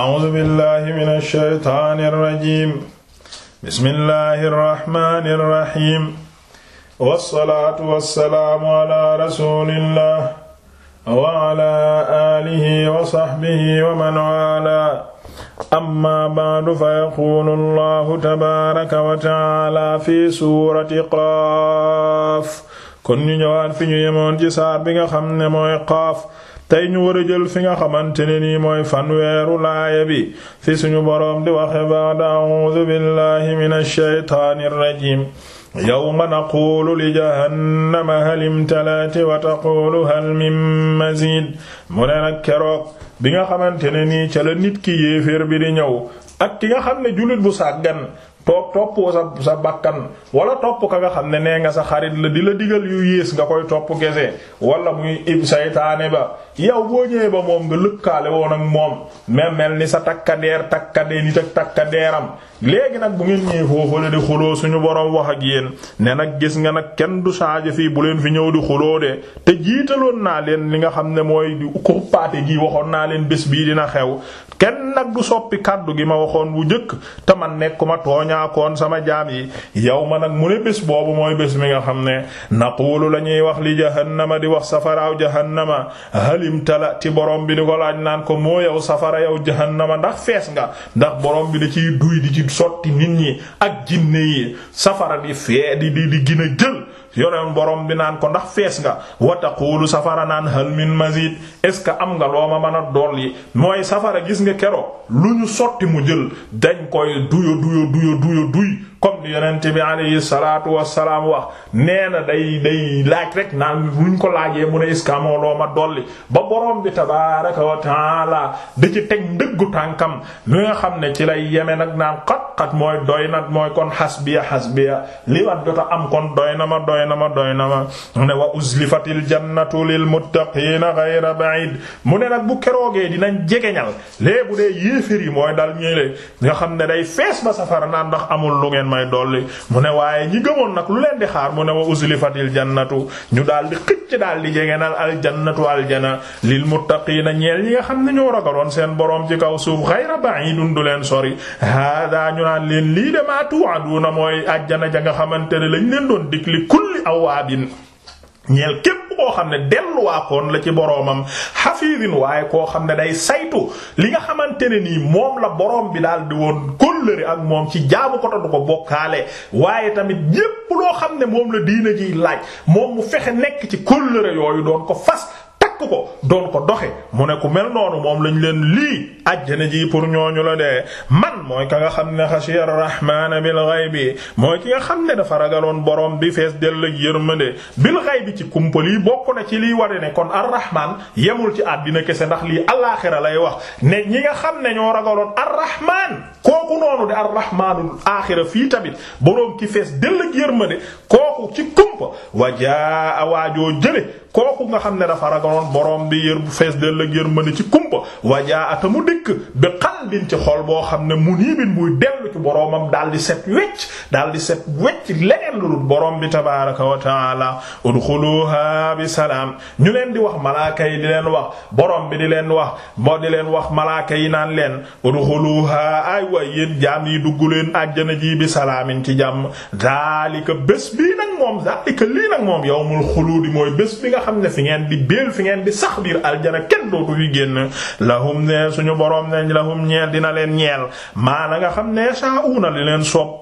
a'uuzu billahi mina shaytaani rajiim bismillahi rahmaani rahiim wassalaatu wassalaamu ala rasuulillah wa ala aalihi wa sahbihi wa man waalaa amma ba'du fa yaquulu allahu tabaaraka wa ta'aala fi suurati qaaf kon ñu ñëwaat fi ñu yemoon ci saar bi nga xam ne mooy qaaf tey ñu war a jël fi nga xamante ne nii mooy fanweeru laaya bi fi suñu boroom di waxe ba'da a'uudu billahi minash shaytaanir rajiim yawma naqulu li jahannama hal imtalaat wa taqulu hal min maziid mu ne nag keroog bi nga xamante ne nii ca la nit ki yéeféer bi di ñëw ak ki nga xam ne jullit bu sàggan toog toppoo sa sa bakkan wala topp ka nga xam ne nee nga sa xarit la di la digal yu yées nga koy topp gese walla muy ib saytaane ba yow boo ñëwee ba moom nga lëkkaale woon ak moom même mel ni sa takkadeer takkadee nit ak takkadeeram léegi nag bu ngeen ñëwee foofu la di xuloo suñu borom wax ak yéen ne nag gis nga nag kenn du changé fii bu leen fi ñëw di xuloo de te jiitaloon naa leen li nga xam ne mooy di xuppaate gi waxoon naa leen bés bii dina xew kenn nag du soppi kaddu gi ma waxoon bu njëkk te man nekkuma ñaakoon sama jaam yi yow ma nag mu ne bés boobu mooy bés mi nga xam ne naquulu la ñuy wax li jahannama di wax safaraaw jahannama halim tala ci borom bi di ko laaj naan ko moo yow safara yow jahannama ndax fees nga ndax borom bi di ciy duy di ci sotti nit ñi ak jinne yi safara di fee di di di gën jël yoreem borom bi naan ko ndax fees nga wa taqulu safara naan hal min mazid est ce que am nga loo ma mën a dolli mooy safara gis nga keroog lu ñu sotti mu jël dañ koy duyo duyo duyo duyo duy comme di yonent bi alayhi salaatu wassalaam wax nee na day day laaj rek naan buñ ko laajee mu ne iskamoo loo ma dolli ba borom bi tabaaraka wa taala da ci teg ndëggu tànkam li nga xam ne ci lay yeme nag naan xat-xat mooy doy na mooy kon xasbiya xasbiya li wat jota am kon doy na ma doy na ma doy na ma mu ne wa uzlifatil jannatu lil muttaqiina ghayra ba'id mu ne nag bu keroogee dinañ jegeñal lee bu dee yéefér yi mooy dal ñuy le nga xam ne day fees ba safara naan ndax amul lu ngeen may dolli mu ne waaye ñi gëmoon nag lu leen di xaar mu ne wa uzlifatil jannatu ñu daal di xëcc daal di jegenal aljannatu aljana lil muttaqiina ñeel ñi nga xam ne ñoo ragaloon seen boroom ci kaw suuf xayra ba'idun du leen sori hada ñu naan leen lii de a tu'aduna mooy ajjana ja nga xamante ne lañ leen doon dig li kulli awaabin ñeel képp koo xam ne delluwaakoon la ci boroomam xafiidin waaye koo xam ne day saytu li nga xamante ne nii moom la borom bi daal di woon kóllëre ak moom ci jaamu ko du ko bokkaale waaye tamit yépp loo xam ne moom la diina jiy laaj moom mu fexe nekk ci kóllëre yooyu doon ko fas takk ko doon ko doxe mu ne ku mel noonu moom lañ leen lii ajjana ji pour ñooñu la dee man mooy ka nga xam ne xashiya rahmaana bil ghaybi mooy ki nga xam ne dafa ragaloon borom bi fees dell ak yërmande bil bi ci kumpa lii bokk na ci liy ware ne kon arrahman yemul ci àddina kese ndax lii alaaxira lay wax ne ñi nga xam ne ñoo ragaloon arrahman kooku noonu de arrahmanul aaxira fii tamit borom ki fees dell ak yërmande ko kooku ci kumpa wajaa a waajoo jële kooku nga xam ne dafa ragaloon borom bi yër bu fees del la yër mën ci kumpa wajaa ata mu dikk bi qalbin ci xol boo xam ne munibin buy dellu ci boromam daal di set wecc daal di set wecc leneen lu dul bi tabaaraka wa taala udxuluha bi salaam ñu leen di wax malaaka yi di leen wax boroom bi di leen wax moo di leen wax malaaka yi naan leen udxuluha ay waay yéen jaam yi dugg leen àjjana ji bi salaamin ci jàmm daalika bés bii nag moom zalika lii nag moom yawmul xuluudi mooy bés bi nga xam ne fi ngeen di béel fi ngeen di sax biir aljana kenn dootu fi génn lahum ne suñu boroom ne lahum ñeel dina leen ñeel maa la nga xam ne sa'una li leen sopp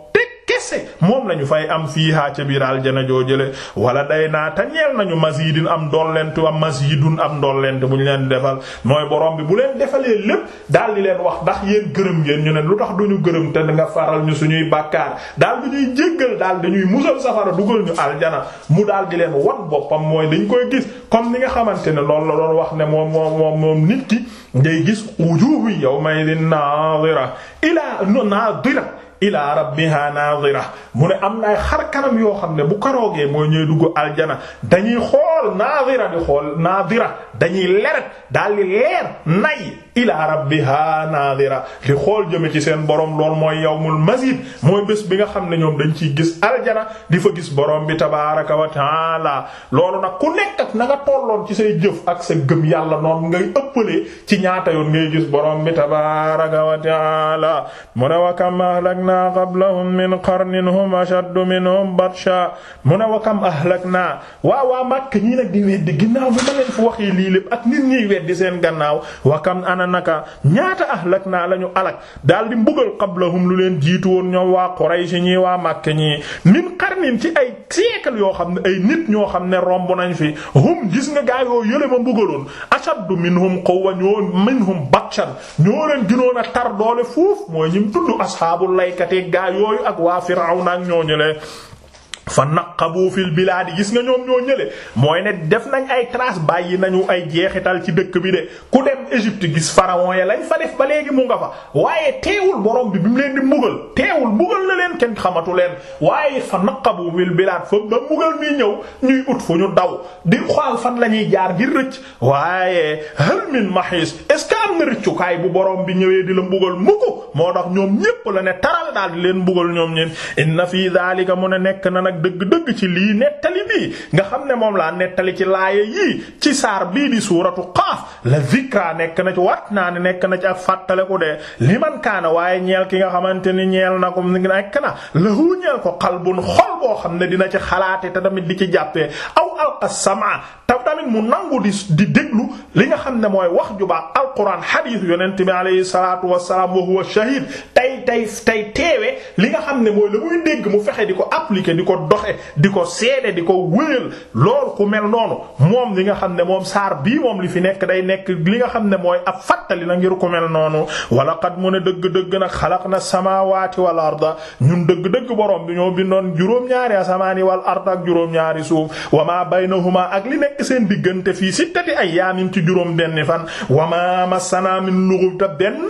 kese moom lañu fay am fiihaa ca biir aljana joo jële wala day naa te ñeel nañu masjidin am dollentu am masjidun am ndolleent bu ñu leen defal mooy borom bi bu leen defalee lépp daal di leen wax ndax yéen gërëm ngeen ñu ne lu tax duñu gërëm te nga faral ñu suñuy bàkkaar daal di ñuy jéggal daal dañuy musal safara dugal ñu aljana mu daal leen wan boppam mooy dañ koy gis comme ni nga xamante ne loolu la doon wax ne moom moom moom nit ki ngay gis wujuhu yawma idin nadira ila nadira ilaa rabbiha nazira mu ne am na ay xar kanam yoo xam ne bu karoogee mooy ñooy dugg aljana dañuy xool nazira di xool nazira dañuy leret daal di leer nay ilaa rabbiha nazira di xool jëme ci seen borom lool mooy yawmul mazid mooy bés bi nga xam ne ñoom dañ ciy gis aljana di fa gis boroom bi tabaraka wa taala loolu nag ku nekk ak na nga tolloon ci say jëf ak sa gëm yàlla noonu ngay ëppalee ci ñaata yoon ngay gis borom bi tabaraka wa taala ahlaknaa qablahum min qarnin hum ashaddu minhum batsha mu ne wa kam ahlaknaa waa waa Makka ñii nag di weddi ginnaaw bi ma leen fu waxee lii lépp ak nit ñiy weddi seen gannaaw wa kam ana di mbugal qablahum lu leen jiitu woon ñoom wa Quraysh ñii wa Makka ñii min qarnin ci ay siècle yoo xam ay nit ñoo xam ne romb nañ fi hum gis ga gaa yoo yële ma mbugaloon ashaddu minhum quwwa ñoo minhum batshan ñoo leen ginoon a tar doole foofu mooy ñim tuddu ashaabul layk xeexkat yi gaa ak waa Firawna ak fa naqabu fil bilaadi gis nga ñoom ñoo ñële mooy ne def nañ ay trace bàyyi nañu ay jeexital ci dëkk bi de ku dem Égypte gis pharaon ya lañ fa def ba léegi mu nga fa waaye teewul borom bi bi mu leen di mbugal teewul mbugal na leen kenn xamatu leen waaye fa naqabu fil bilaad fa ba mbugal mi ñëw ñuy ut fu ñu daw di xool fan la ñuy jaar ngir rëcc waaye hal min mahis est-ce que am na bu borom bi ñëwee di la mbugal mukk moo tax ñoom ñépp la ne taral daal dëgg-dëgg ci lii nettali bii nga xam ne moom laa nettali ci laaya yii ci saar bii di suuratu qaaf la zikra nekk na ci wat naa ne nekk na ci ak ku de li man kaana waaye ñeel ki nga xamante ni ñeel na ko nekk na lahu ñeel ko qalbun xol boo xam ne dina ci xalaate te tamit di ci jàppee aw alqa samaa te tamit mu nangu di di déglu li nga xam ne mooy wax ju baax alquran hadith yonent bi alayhi salaatu wassalaam wa huwa shahid tey tey tey teewee li nga xam ne mooy la muy dégg mu fexe di ko appliquer di ko doxe di ko seede di ko wéyal loolu ku mel noonu moom li nga xam ne moom saar bii moom li fi nekk day nekk li nga xam ne mooy ab fàttali la ngir ku noonu wala xat mu ne dëgg-dëgg nag xalaq na samawati wal arda ñun dëgg-dëgg borom bi ñoo bindoon juróom-ñaari asamaani wal arda ak juróom-ñaari suuf wa ma baynahuma ak li nekk seen diggante fii sittati ayyaamin ci juróom benn fan wa ma massana min lughub ta benn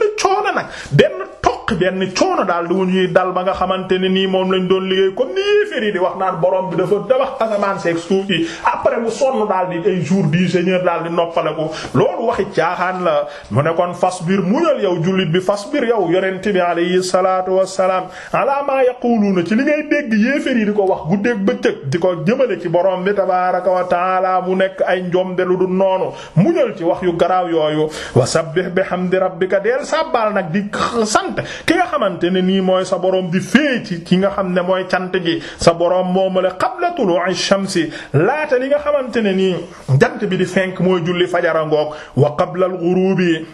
yàq benn coono daal di ñuy dal ba nga xamante ne nii moom lañ doon liggéey comme ni yéeféer yi di wax naan borom bi dafa dabax asamaan seeg suuf yi après mu sonn daal di ay jour du Seigneur daal di noppale ko loolu waxi caaxaan la mu nekkoon fas biir muñal yow jullit bi fas biir yow yonent bi alayhi salaatu wassalaam ala ma na ci li ngay dégg yéeféer yi di ko wax guddeeg bëccëg di ko jëmale ci boroom bi tabaaraka wa taala mu nekk ay njom de lu du noonu muñal ci wax yu garaaw yooyu wa sabbih bihamdi rabbika del sabbal nag di sant ki nga xamante ne nii mooy sa boroom di féeti ki nga xam ne mooy cant gi sa borom moomu la qabla tulu'i shamsi laata li nga xamante ne nii jant bi di fenk mooy julli fajara ngoog wa qabla al-ghurubi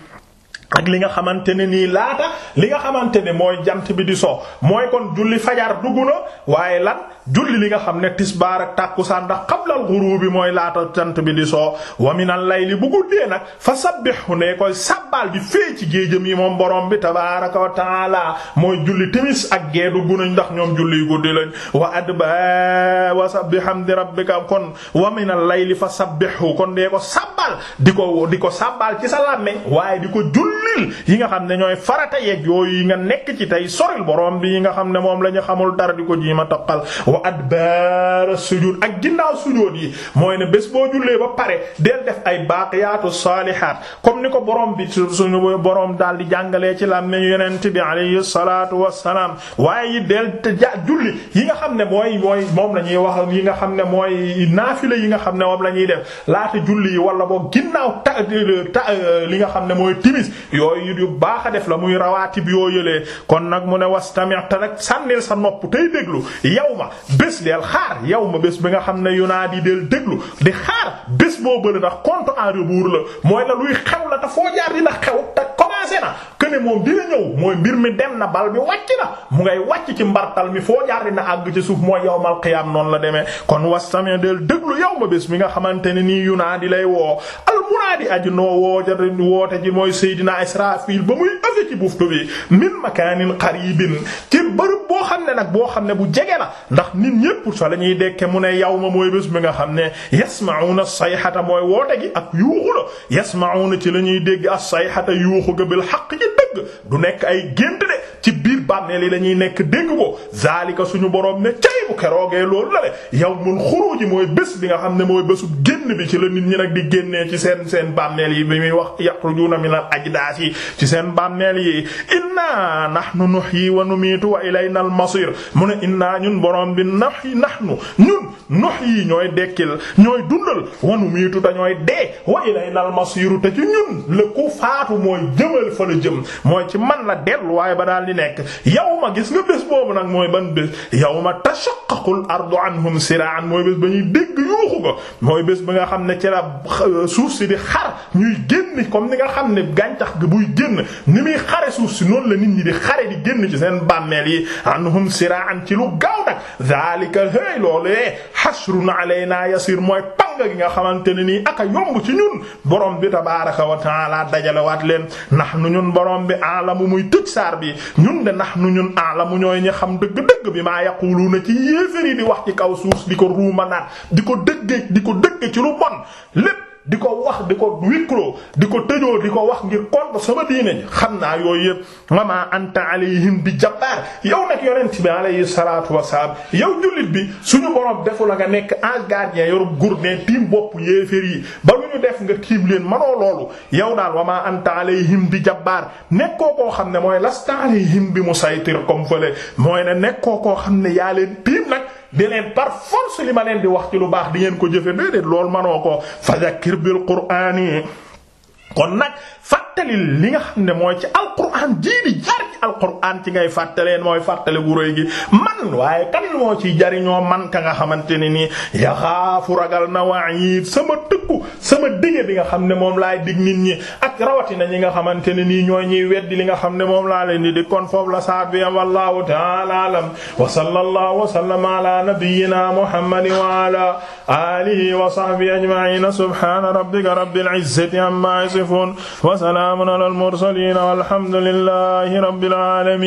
ak li nga xamante ne nii laata li nga xamante ne mooy jant bi di so mooy kon julli fajar dugg na waaye lan. julli li nga xam ne tisbaar ak tàkkusaan ndax qablal ghurubi mooy laata tant bi di soo wa minal layli bu guddee nag fa sabbihu ne koy sàbbaal di fee ci géejëm yi moom borom bi tabaaraka wa taala mooy julli timis ak geedu gunañ ndax ñoom julli yu guddi lañ wa adba wa sabbi hamdi rabbika kon wa minal layli fa sabbihu kon dee ko sàbbaal di ko di ko sàbbaal ci sa làmmeñ waaye di ko jullil yi nga xam ne ñooy farata yeeg yooyu yi nga nekk ci tey soril borom bi yi nga xam ne moom la ñu xamul dara di ko jiima toppal wa adbaara sujud ak ginnaaw sujud yi mooy ne bés boo jullee ba pare del def ay baaqiyaatu saalihaat comme ni ko boroom bi suñu boroom daal di jàngalee ci lam ne yonent bi alayhi salaatu wassalaam waaye yi del ja julli yi xam ne mooy mooy moom la ñuy wax yi nga xam ne mooy naafila yi nga xam ne moom la ñuy def laata julli yi wala boo ginnaaw ta ta li nga xam ne mooy timis yooyu yu baax a def la muy rawaatib yoo yëlee kon nag mu ne wastami' te nag sànnil sa nopp tey déglu yawma bés deel xaar yow ma bés bi nga xam ne yu naa di del déglu di xaar bés boo bëri ndax compte en rebours la mooy la luy xew la te foo jaar di la xew te commencé na këne moom dina ñëw mooy mbir mi dem na bal mi wàcc na mu ngay wàcc ci mbartal mi foo jaar dina àgg ci suuf mooy yawmal qiyaam noonu la demee kon was del déglu yow ma bés bi nga xamante ne nii yu di lay woo daa di aji noo wooja woote ji mooy Seydina Israfil ba muy ëfe ci buftu bi min makaanin qariibin ci bërëb boo xam ne nag boo xam ne bu jege la ndax nit ñépp so la ñuy dekke mu ne yawma mooy bés bi nga xam ne yasma'una sayhata mooy woote gi ak yuuxu la yasma'una ci la ñuy dégg as-sayhata yuuxu ga bil haqq ci dëgg du nekk ay gént de ci biir bàmmeel yi lañuy nekk dégg ko zaalika suñu borom ne cay bu keroogee loolu la yow yawmul xuruj mooy bés bi nga xam ne mooy bésu génn bi ci la nit ñi nag di génnee ci seen seen bàmmeel yi bi muy wax yaxrujuuna minal ajdaas yi ci seen bàmmeel yi inna nahnu nuhyi wa numiitu wa ilayna al-masiir mu ne inna ñun borom bi nuhyi nahnu ñun nuhyi ñooy dekkil ñooy dundal wa numiitu te ñooy dee wa ilayna al-masiir te ci ñun la ku faatu mooy jëmal fa la jëm mooy ci man la waaye ba daal di nekk yawma gis nga bés boobu nag mooy ban bés yawma tashaqqaqu al-ardu anhum sira'an mooy bés ba ñuy dégg yuuxu ko mooy bés ba nga xam ne ci la suuf si di xar ñuy génn comme ni nga xam ne gàncax gi buy génn ni muy la la nit ñi di xare di génn ci seen bàmmeel yi anhum siraan ci lu gaaw nag zalika hey loolee hasrun alaynaa yasir mooy pang gi nga xamante ne nii aka yomb ci ñun ba bi tabaaraka wa taala dajalewaat leen nahnu ñun borom bi alamu muy tëj saar bi ñun de nahnu ñun alamu ñooy ñi xam dëgg-dëgg bi maa yaquluuna ci yéefér yi di wax ci kaw suuf di ko ruuma naat di ko dëgg di ko ci lu bon lépp di ko wax di ko wikkloo di ko tëjoo di ko wax ngir contre sama diine ji xam naa yooyu yëpp wama anta alayhim bi jabbaar yow nag yonent bi alayhi salaatu wasalaam yow jullit bi suñu borom defu la nga nekk en gardien yorub gourdin tiim bopp yéefér yi ba ñu def nga tiim leen manoo loolu yow daal wama anta alayhim bi jabbaar nekkoo ko xam ne mooy lasta alayhim bi musaytir comme fële mooy ne nekkoo koo xam ne yaa leen tiim nag di leen par force li ma leen di wax ci lu baax di ngeen ko jëfe déedéet loolu manoo ko fadhakkir bil qur'ani kon nag fàttali li nga xam ne mooy ci alquran jii di jaar ci alquran ci ngay fàttaleen mooy fàttali wu rëy gi man waaye kan moo ci jariñoo man ka nga xamante ne nii yaxaafu ragal na waa sama dëggu sama dige bi nga xam ne moom laay dig nit ñi ak rawatina ñi nga xamante ne nii ñooy ñuy weddi li nga xam ne moom laa leen di dig kon foofu la saat bi am wallahu ta'ala alam wa sallallahu wa sallama ala nabiyyina muhammadin wa ala alihi wa sahbihi ajma'in subhana rabbika rabbil izzati amma yasifun wa salamun ala al mursalin walhamdulillahi rabbil alamin